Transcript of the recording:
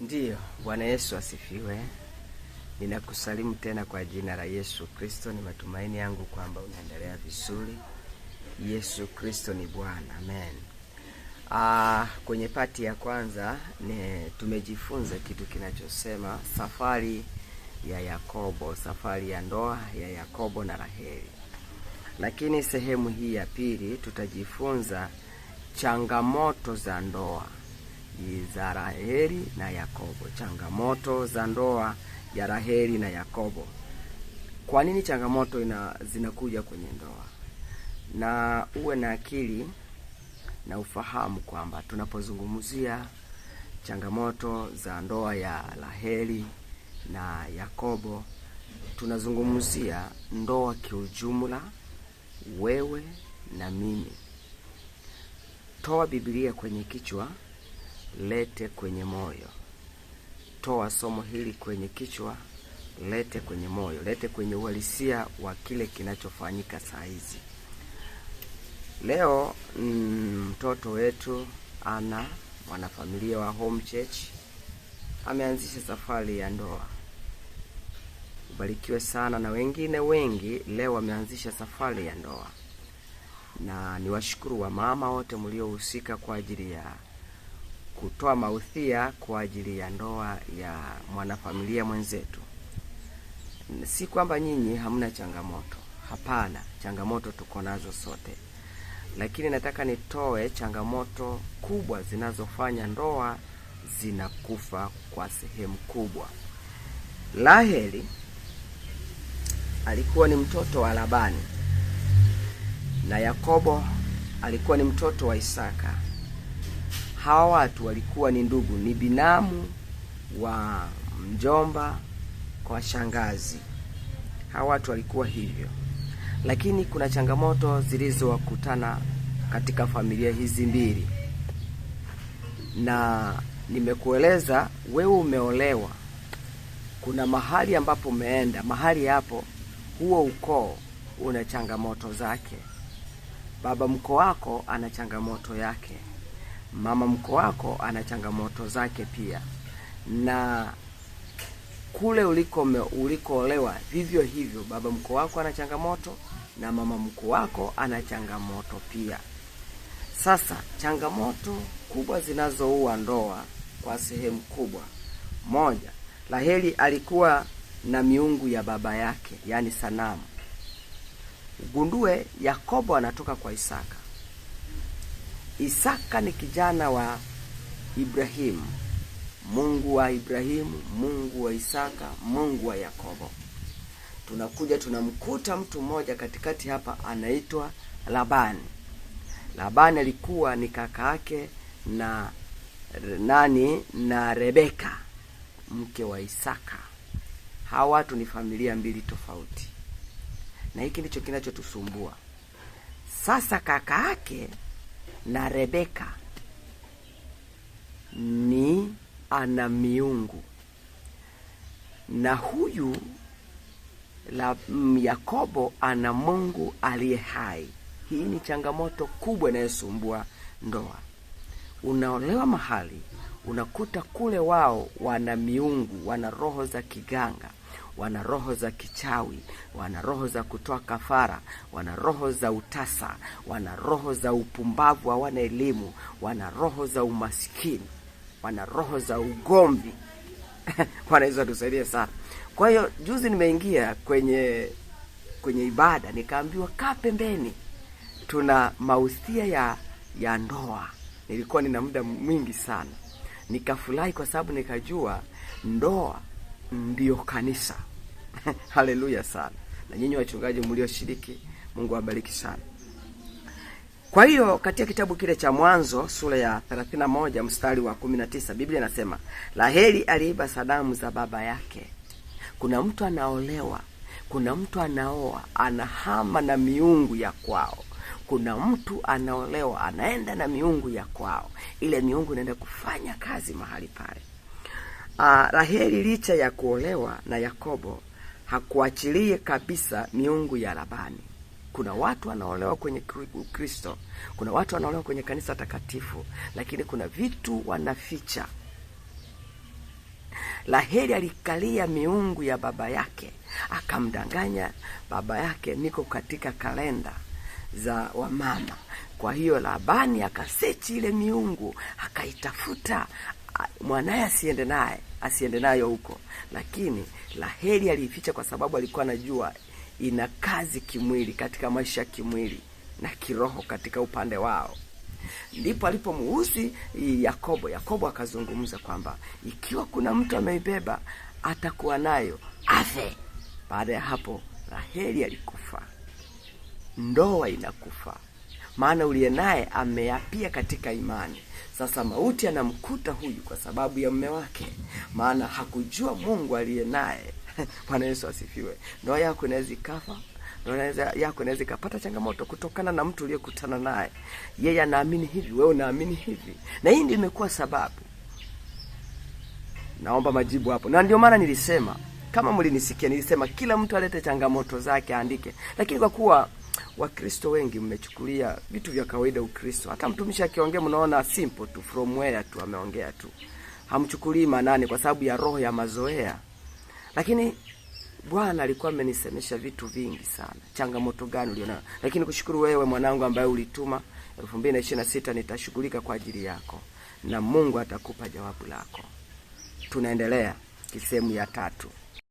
Ndiyo, Bwana Yesu asifiwe. Ninakusalimu tena kwa jina la Yesu Kristo. Ni matumaini yangu kwamba unaendelea vizuri. Yesu Kristo ni Bwana, amen. Ah, kwenye pati ya kwanza ni tumejifunza kitu kinachosema safari ya Yakobo, safari ya ndoa ya Yakobo na Raheli, lakini sehemu hii ya pili tutajifunza changamoto za ndoa za Raheli na Yakobo. Changamoto za ndoa ya Raheli na Yakobo. Kwa nini changamoto ina, zinakuja kwenye ndoa? Na uwe na akili na ufahamu kwamba tunapozungumzia changamoto za ndoa ya Raheli na Yakobo tunazungumzia ndoa kiujumla, wewe na mimi. Toa Biblia kwenye kichwa lete kwenye moyo. Toa somo hili kwenye kichwa, lete kwenye moyo, lete kwenye uhalisia wa kile kinachofanyika saa hizi. Leo mm, mtoto mm, wetu ana mwanafamilia wa Home Church ameanzisha safari ya ndoa. Ubarikiwe sana, na wengine wengi leo wameanzisha safari ya ndoa, na niwashukuru wa mama wote mliohusika kwa ajili ya kutoa maudhia kwa ajili ya ndoa ya mwanafamilia mwenzetu. Si kwamba nyinyi hamna changamoto, hapana, changamoto tuko nazo sote, lakini nataka nitoe changamoto kubwa zinazofanya ndoa zinakufa kwa sehemu kubwa. Raheli alikuwa ni mtoto wa Labani na Yakobo alikuwa ni mtoto wa Isaka hawa watu walikuwa ni ndugu, ni binamu wa mjomba kwa shangazi. Hawa watu walikuwa hivyo, lakini kuna changamoto zilizowakutana katika familia hizi mbili, na nimekueleza wewe, umeolewa, kuna mahali ambapo umeenda, mahali hapo, huo ukoo una changamoto zake, baba mko wako ana changamoto yake mama mko wako ana changamoto zake pia, na kule uliko ulikoolewa vivyo hivyo, baba mko wako ana changamoto na mama mko wako ana changamoto pia. Sasa changamoto kubwa zinazoua ndoa kwa sehemu kubwa, moja, Raheli alikuwa na miungu ya baba yake, yaani sanamu. Ugundue Yakobo anatoka kwa Isaka. Isaka ni kijana wa Ibrahimu, Mungu wa Ibrahimu, Mungu wa Isaka, Mungu wa Yakobo. Tunakuja tunamkuta mtu mmoja katikati hapa anaitwa Labani. Labani alikuwa ni kaka yake na nani na Rebeka mke wa Isaka. Hawa watu ni familia mbili tofauti, na hiki ndicho kinachotusumbua sasa. Kaka yake na Rebeka ni ana miungu na huyu la mm, Yakobo ana Mungu aliye hai. Hii ni changamoto kubwa inayosumbua ndoa. Unaolewa mahali unakuta kule wao wana miungu, wana roho za kiganga, wana roho za kichawi, wana roho za kutoa kafara, wana roho za utasa, wana roho za upumbavu, hawana elimu, wana roho za umaskini, wana roho za ugomvi wanaweza tusaidia sana. Kwa hiyo juzi nimeingia kwenye kwenye ibada nikaambiwa, kaa pembeni, tuna mausia ya ya ndoa. Nilikuwa nina muda mwingi sana, nikafurahi kwa sababu nikajua ndoa ndiyo kanisa. haleluya sana, na nyinyi wachungaji mlioshiriki, Mungu awabariki sana. Kwa hiyo katika kitabu kile cha Mwanzo sura ya 31 mstari wa 19 Biblia inasema Raheli aliiba sadamu za baba yake. Kuna mtu anaolewa, kuna mtu anaoa, anahama na miungu ya kwao. Kuna mtu anaolewa, anaenda na miungu ya kwao, ile miungu inaenda kufanya kazi mahali pale. Ah, Raheli licha ya kuolewa na Yakobo hakuachilie kabisa miungu ya Labani. Kuna watu wanaolewa kwenye Ukristo, kuna watu wanaolewa kwenye kanisa takatifu, lakini kuna vitu wanaficha. Raheli alikalia miungu ya baba yake, akamdanganya baba yake, niko katika kalenda za wamama. Kwa hiyo Labani akasechi ile miungu, akaitafuta, mwanaye asiende naye asiende nayo huko, lakini Raheli aliificha kwa sababu alikuwa anajua ina kazi kimwili katika maisha ya kimwili na kiroho katika upande wao. Ndipo alipomuuzi Yakobo, Yakobo akazungumza kwamba ikiwa kuna mtu ameibeba atakuwa nayo afe. Baada ya hapo Raheli alikufa, ndoa inakufa maana uliye naye ameapia katika imani. Sasa mauti anamkuta huyu kwa sababu ya mme wake, maana hakujua Mungu aliye naye. Bwana Yesu asifiwe. Ndoa yako inaweza ikafa, ndoa yako inaweza ikapata changamoto kutokana na mtu uliyekutana naye. Yeye anaamini hivi, wewe unaamini hivi, na hii ndio imekuwa sababu. Naomba majibu hapo, na ndio maana nilisema, kama mlinisikia, nilisema kila mtu alete changamoto zake aandike, lakini kwa kuwa Wakristo wengi mmechukulia vitu vya kawaida Ukristo. Hata mtumishi akiongea mnaona simple tu from where tu ameongea tu. Hamchukulii maanani kwa sababu ya roho ya mazoea. Lakini Bwana alikuwa amenisemesha vitu vingi sana. Changamoto gani ulionayo? Lakini kushukuru wewe mwanangu ambaye ulituma 2026 nitashughulika kwa ajili yako na Mungu atakupa jawabu lako. Tunaendelea kisehemu ya tatu.